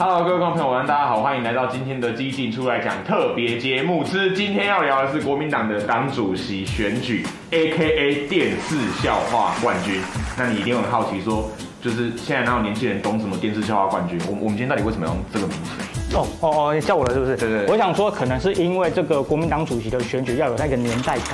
Hello，各位觀眾朋友們，大家好，歡迎來到今天的《基進出來講》特別節目。之今天要聊的是國民黨的黨主席選舉，A K A 電視笑話冠軍。那你一定很好奇說，說就是現在哪有年輕人懂什麼電視笑話冠軍？我我們今天到底為什麼要用這個名字？哦哦哦，你叫我了是不是？對對。我想說，可能是因為這個國民黨主席的選舉要有那個年代感，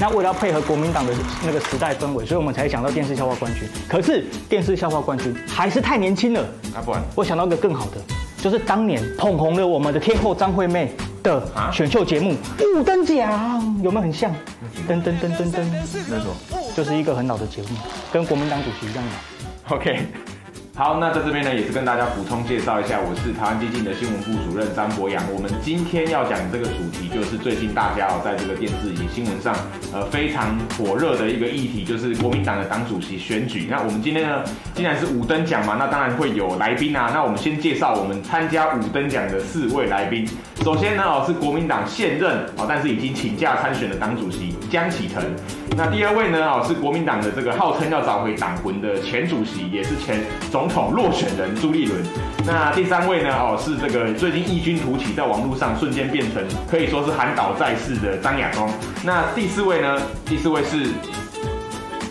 那為了要配合國民黨的那個時代氛圍，所以我們才想到電視笑話冠軍。可是電視笑話冠軍還是太年輕了，啊，不然我想到一個更好的。就是當年捧紅了我們的天后張惠妹的選秀節目《五燈獎》，嗯，有沒有很像？是噔噔噔噔噔，那種，就是一個很老的節目，跟國民黨主席一樣的。OK。好，那在這邊呢，也是跟大家補充介紹一下，我是台灣基進的新聞部主任張博洋。我們今天要講的這個主題，就是最近大家哦，在這個電視以及新聞上，呃，非常火熱的一個議題，就是國民黨的黨主席選舉。那我們今天呢，既然是五燈獎嘛，那當然會有來賓啊。那我們先介紹我們參加五燈獎的四位來賓。首先呢，是國民黨現任，但是已經請假參選的黨主席江啟臣。那第二位呢？哦，是國民黨的這個號稱要找回黨魂的前主席，也是前總統落選人朱立倫。那第三位呢？哦，是這個最近異軍突起，在網絡上瞬間變成可以說是韓島再世的張亞中。那第四位呢？第四位是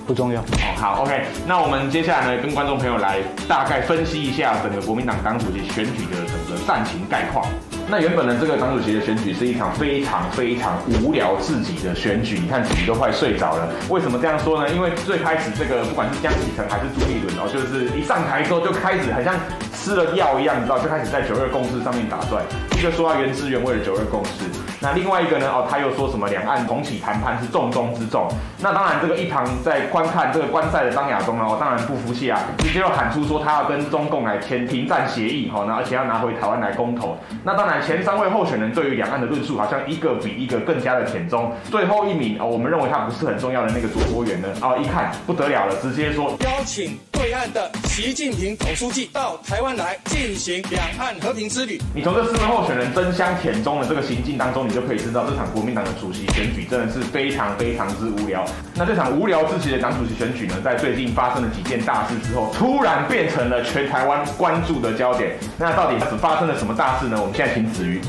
不重要。好，OK。那我們接下來呢，跟觀眾朋友來大概分析一下整個國民黨黨主席選舉的整個戰情概況。那原本呢，這個黨主席的選舉是一場非常非常無聊至極的選舉，你看自己都快睡着了。為什麼這樣說呢？因為最開始這個不管是江啟臣還是朱立倫，然後就是一上台之後就開始好像吃了藥一樣，你知道就開始在九二共識上面打轉，一個說他原汁原味的九二共識。那另外一個呢？哦，他又說什麼兩岸重啟談判是重中之重。那當然，這個一旁在觀看這個觀賽的張亞中呢，哦，當然不服氣啊，直接就喊出說他要跟中共來簽停戰協議，哈、哦，那而且要拿回台灣來公投。那當然，前三位候選人對於兩岸的論述，好像一個比一個更加的舔中。最後一名哦，我們認為他不是很重要的那個卓伯源呢，哦，一看不得了了，直接說邀請對岸的習近平總書記到台灣來進行兩岸和平之旅。你從這四位候選人爭相舔中的這個行徑當中。你就可以知道，這場國民黨的主席選舉真的是非常非常之無聊。那這場無聊之極的黨主席選舉呢，在最近發生了幾件大事之後，突然變成了全台灣關注的焦點。那到底是發生了什麼大事呢？我們現在請子瑜。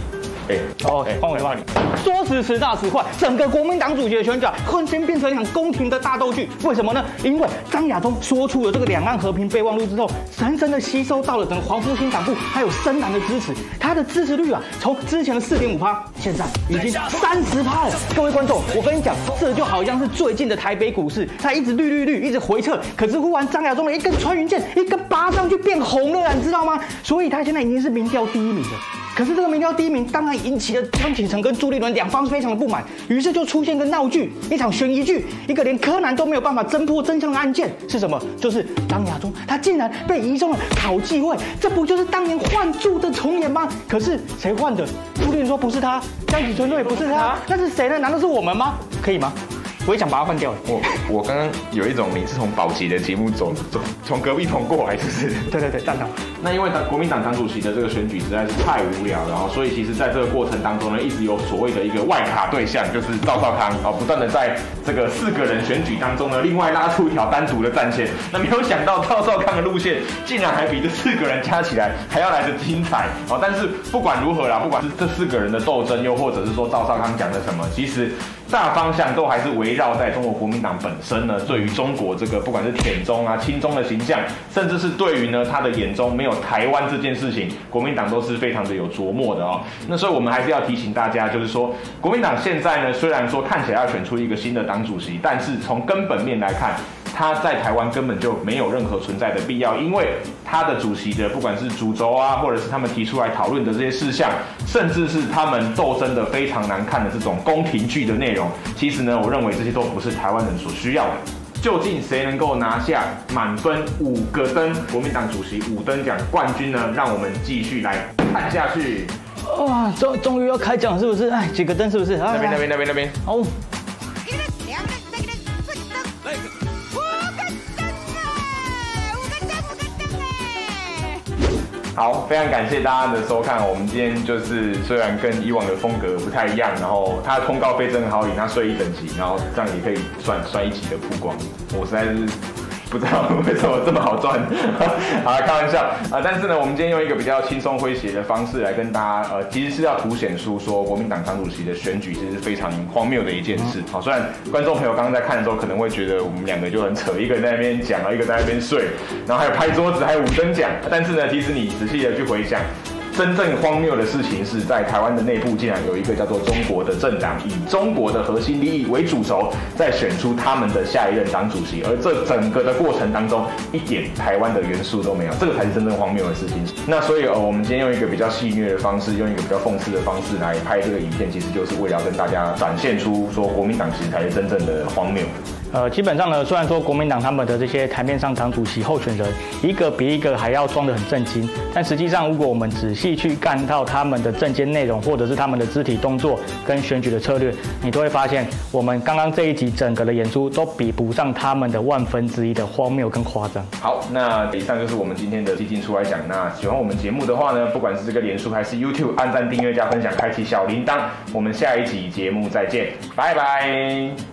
哎 o 哎。換 Hey ,、okay, 我幫你。說時遲，那時快，整個國民黨主席的選舉瞬、啊、間變成一場宮廷的大鬥劇。為什麼呢？因為張亞中說出了這個兩岸和平備忘錄之後，深深的吸收到了整個黃復興黨部還有深藍的支持。他的支持率啊，從之前的四點五趴，現在已經三十趴了。各位觀眾，我跟你講，這就好像是最近的台北股市，它一直綠綠綠，一直回撤，可是忽然張亞中的一根穿雲箭，一根拔上去變紅了，你知道嗎？所以他現在已經是民調第一名了。可是這個民調第一名當然引起了江啟臣跟朱立倫兩方非常的不滿，於是就出現一個鬧劇，一場懸疑劇，一個連柯南都沒有辦法偵破真相的案件是什麼？就是張亞中，他竟然被移送了考紀會，這不就是當年換柱的重演嗎？可是誰換的？朱立倫說不是他，江啟臣說也不是他，那是誰呢？難道是我們嗎？可以嗎？我也想把它換掉我。我我剛剛有一種，你是從寶傑的節目走走，從隔壁棚過來，是不是？對對對，站好。那因為他國民黨黨主席的這個選舉實在是太無聊了，然後所以其實在這個過程當中呢，一直有所謂的一個外卡對象，就是趙少康啊，不斷的在這個四個人選舉當中呢，另外拉出一條單獨的戰線。那沒有想到趙少康的路線竟然還比這四個人加起來還要來得精彩啊！然後但是不管如何啦，不管是這四個人的鬥爭，又或者是說趙少康講的什麼，其實。大方向都還是圍繞在中國國民黨本身呢，對於中國這個不管是舔中啊、親中的形象，甚至是對於呢他的眼中沒有台灣這件事情，國民黨都是非常的有琢磨的哦。那所以我們還是要提醒大家，就是說國民黨現在呢雖然說看起來要選出一個新的黨主席，但是從根本面來看。他在台灣根本就沒有任何存在的必要，因為他的主席的不管是主軸啊，或者是他們提出來討論的這些事項，甚至是他們鬥爭的非常難看的這種宮廷劇的內容，其實呢，我認為這些都不是台灣人所需要的。究竟誰能夠拿下滿分五個燈？國民黨主席五燈獎冠軍呢？讓我們繼續來看下去。哇，終終於要開獎是不是？哎，幾個燈是不是？那邊那邊那邊那邊。哦好，非常感謝大家的收看。我們今天就是雖然跟以往的風格不太一樣，然後他通告費，真的好，以他睡一整集，然後這樣也可以算一集的曝光。我實在是。不知道為什麼這麼好賺， 好，開玩笑啊，呃，但是呢，我們今天用一個比較輕鬆詼諧的方式來跟大家，呃，其實是要凸顯出說國民黨黨主席的選舉其實是非常荒謬的一件事。好，雖然觀眾朋友剛剛在看的時候可能會覺得我們兩個就很扯，一個人在那邊講，一個在那邊睡，然後還有拍桌子，還有五聲講，但是呢，其實你仔細的去回想。真正荒謬的事情是在台灣的內部，竟然有一個叫做中國的政黨，以中國的核心利益為主軸，在選出他們的下一任黨主席，而這整個的過程當中，一點台灣的元素都沒有，這個才是真正荒謬的事情。那所以呃，我們今天用一個比較戲謔的方式，用一個比較諷刺的方式來拍這個影片，其實就是為了跟大家展現出說國民黨其實才是真正的荒謬。呃，基本上呢，雖然說國民黨他們的這些台面上黨主席候選人，一個比一個還要裝的很正經，但實際上如果我們仔細去看到他們的政見內容，或者是他們的肢體動作跟選舉的策略，你都會發現，我們剛剛這一集整個的演出都比不上他們的萬分之一的荒謬跟誇張。好，那以上就是我們今天的基進出來講。那喜歡我們節目的話呢，不管是這個臉書還是 YouTube，按讚、訂閱加分享，開啟小鈴鐺。我們下一集節目再見，拜拜。